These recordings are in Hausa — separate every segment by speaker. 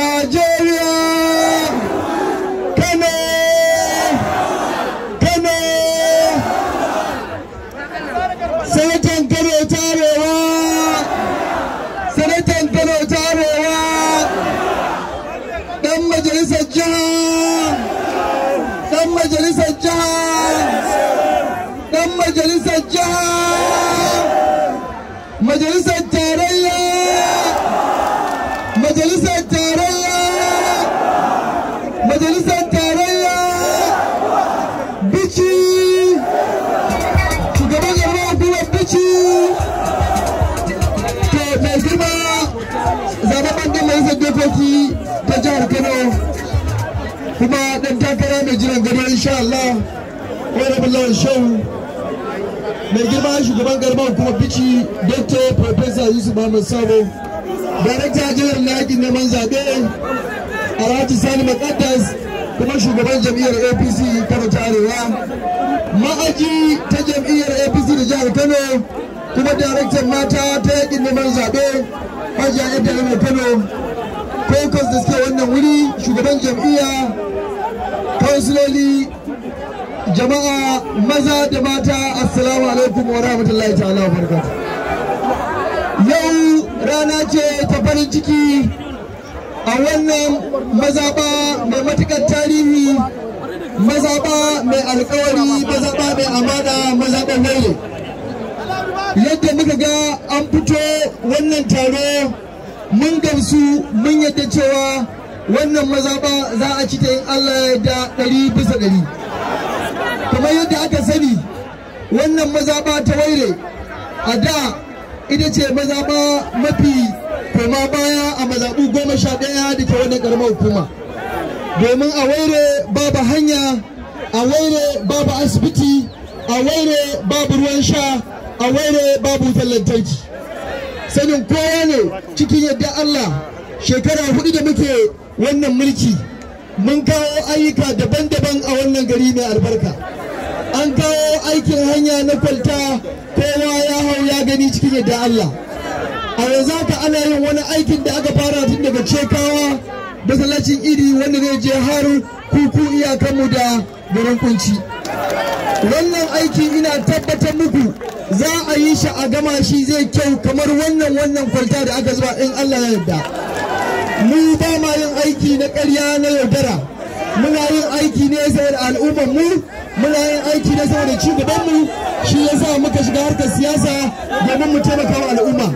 Speaker 1: Najeriya! Kano! Kano! Sanatan Kano ta Arewa! Sanatan Kano ta Arewa! Ɗan majalisar jiha! dan majalisar jiha! dan majalisar jiha! Majalisar majalisar dokoki ta jihar kano kuma dan takara mai jiran gado insha Allah honorable shehu mai girma shugaban garba kuma bici dr professor yusuf ahmed sabo darakta jihar na yakin neman zaɓe alhaji sani makaddas kuma shugaban jam'iyyar apc kano ta arewa ma'aji ta jam'iyyar apc da jihar kano kuma daraktan mata ta yakin neman zaɓe hajiya yadda yana kano caucus da suke wannan wuri shugaban jam'iyya kansiloli jama'a maza da mata assalamu alaikum wa rahmatullahi ta'ala wa yau rana ce ta farin ciki
Speaker 2: a wannan mazaɓa
Speaker 1: mai matuƙa muka ga an fito wannan taro mun gamsu mun yadda cewa wannan mazaba za a ci ta yin Allah ya da ɗari bisa ɗari kamar yadda aka sani wannan mazaba ta waire a da ita ce mazaba mafi koma baya a mazaɓu goma sha ɗaya da ke wannan ƙaramar hukuma domin a waire babu hanya a waire babu asibiti a waire babu ruwan sha a waire babu wutar sanin kowa ne cikin yadda Allah shekara hudu da muke wannan mulki mun kawo ayyuka daban-daban a wannan gari mai albarka an kawo aikin hanya na kwalta kowa ya hau ya gani cikin yadda Allah a yanzu haka ana yin wani aikin da aka fara tun daga cekawa masallacin iri wanda zai je har kuku iyakanmu da garin kunci. wannan aiki ina tabbatar muku za a yi shi a gama shi zai kyau kamar wannan wannan kwalta da aka zuba in Allah ya yarda mu ba ma yin aiki na ƙarya na yaudara muna yin aiki ne saboda al'ummar mu muna yin aiki ne saboda ci gaban mu shi yasa muka shiga harkar siyasa domin mu taimaka wa al'umma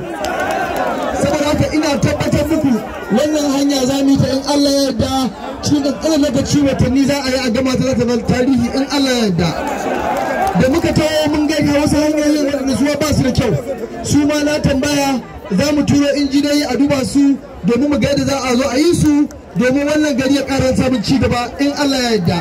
Speaker 1: saboda haka ina tabbatar muku wannan hanya za mu yi ta in Allah ya yarda cikin ƙanƙanin lokaci watanni za a yi a gama ta zata tarihi in Allah ya yarda da muka tawo mun ga wasu hanyoyin rasuwa ba su da kyau su ma na tambaya za mu turo injiniyoyi a duba su domin mu ga yadda za a zo a yi su domin wannan gari ya ƙara samun ci gaba in Allah ya yarda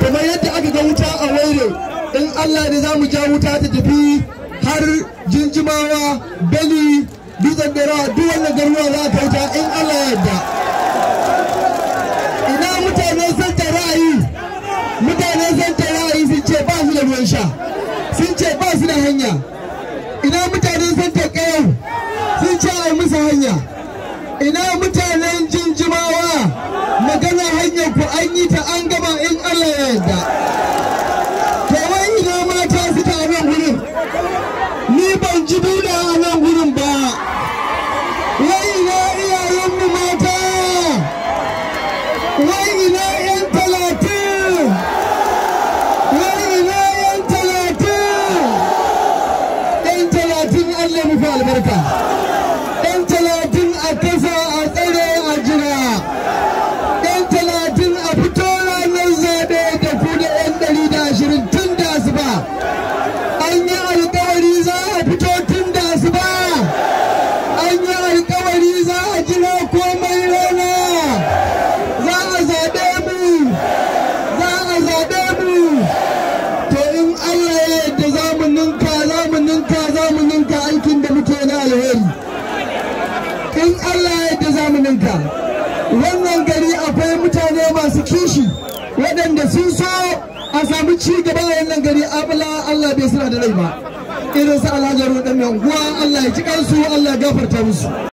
Speaker 1: kamar yadda aka ga wuta a waire in Allah ne za mu ja wuta ta tafi har jinjimawa beli dutsen dara duk wannan garuwa za a kauta in Allah ya yarda 等一下。kishi waɗanda sun so a samu ci gaba a wannan gari abula Allah bai suna da rai ba irin su alhajaru dan mai unguwa Allah ya ci kansu Allah ya gafarta musu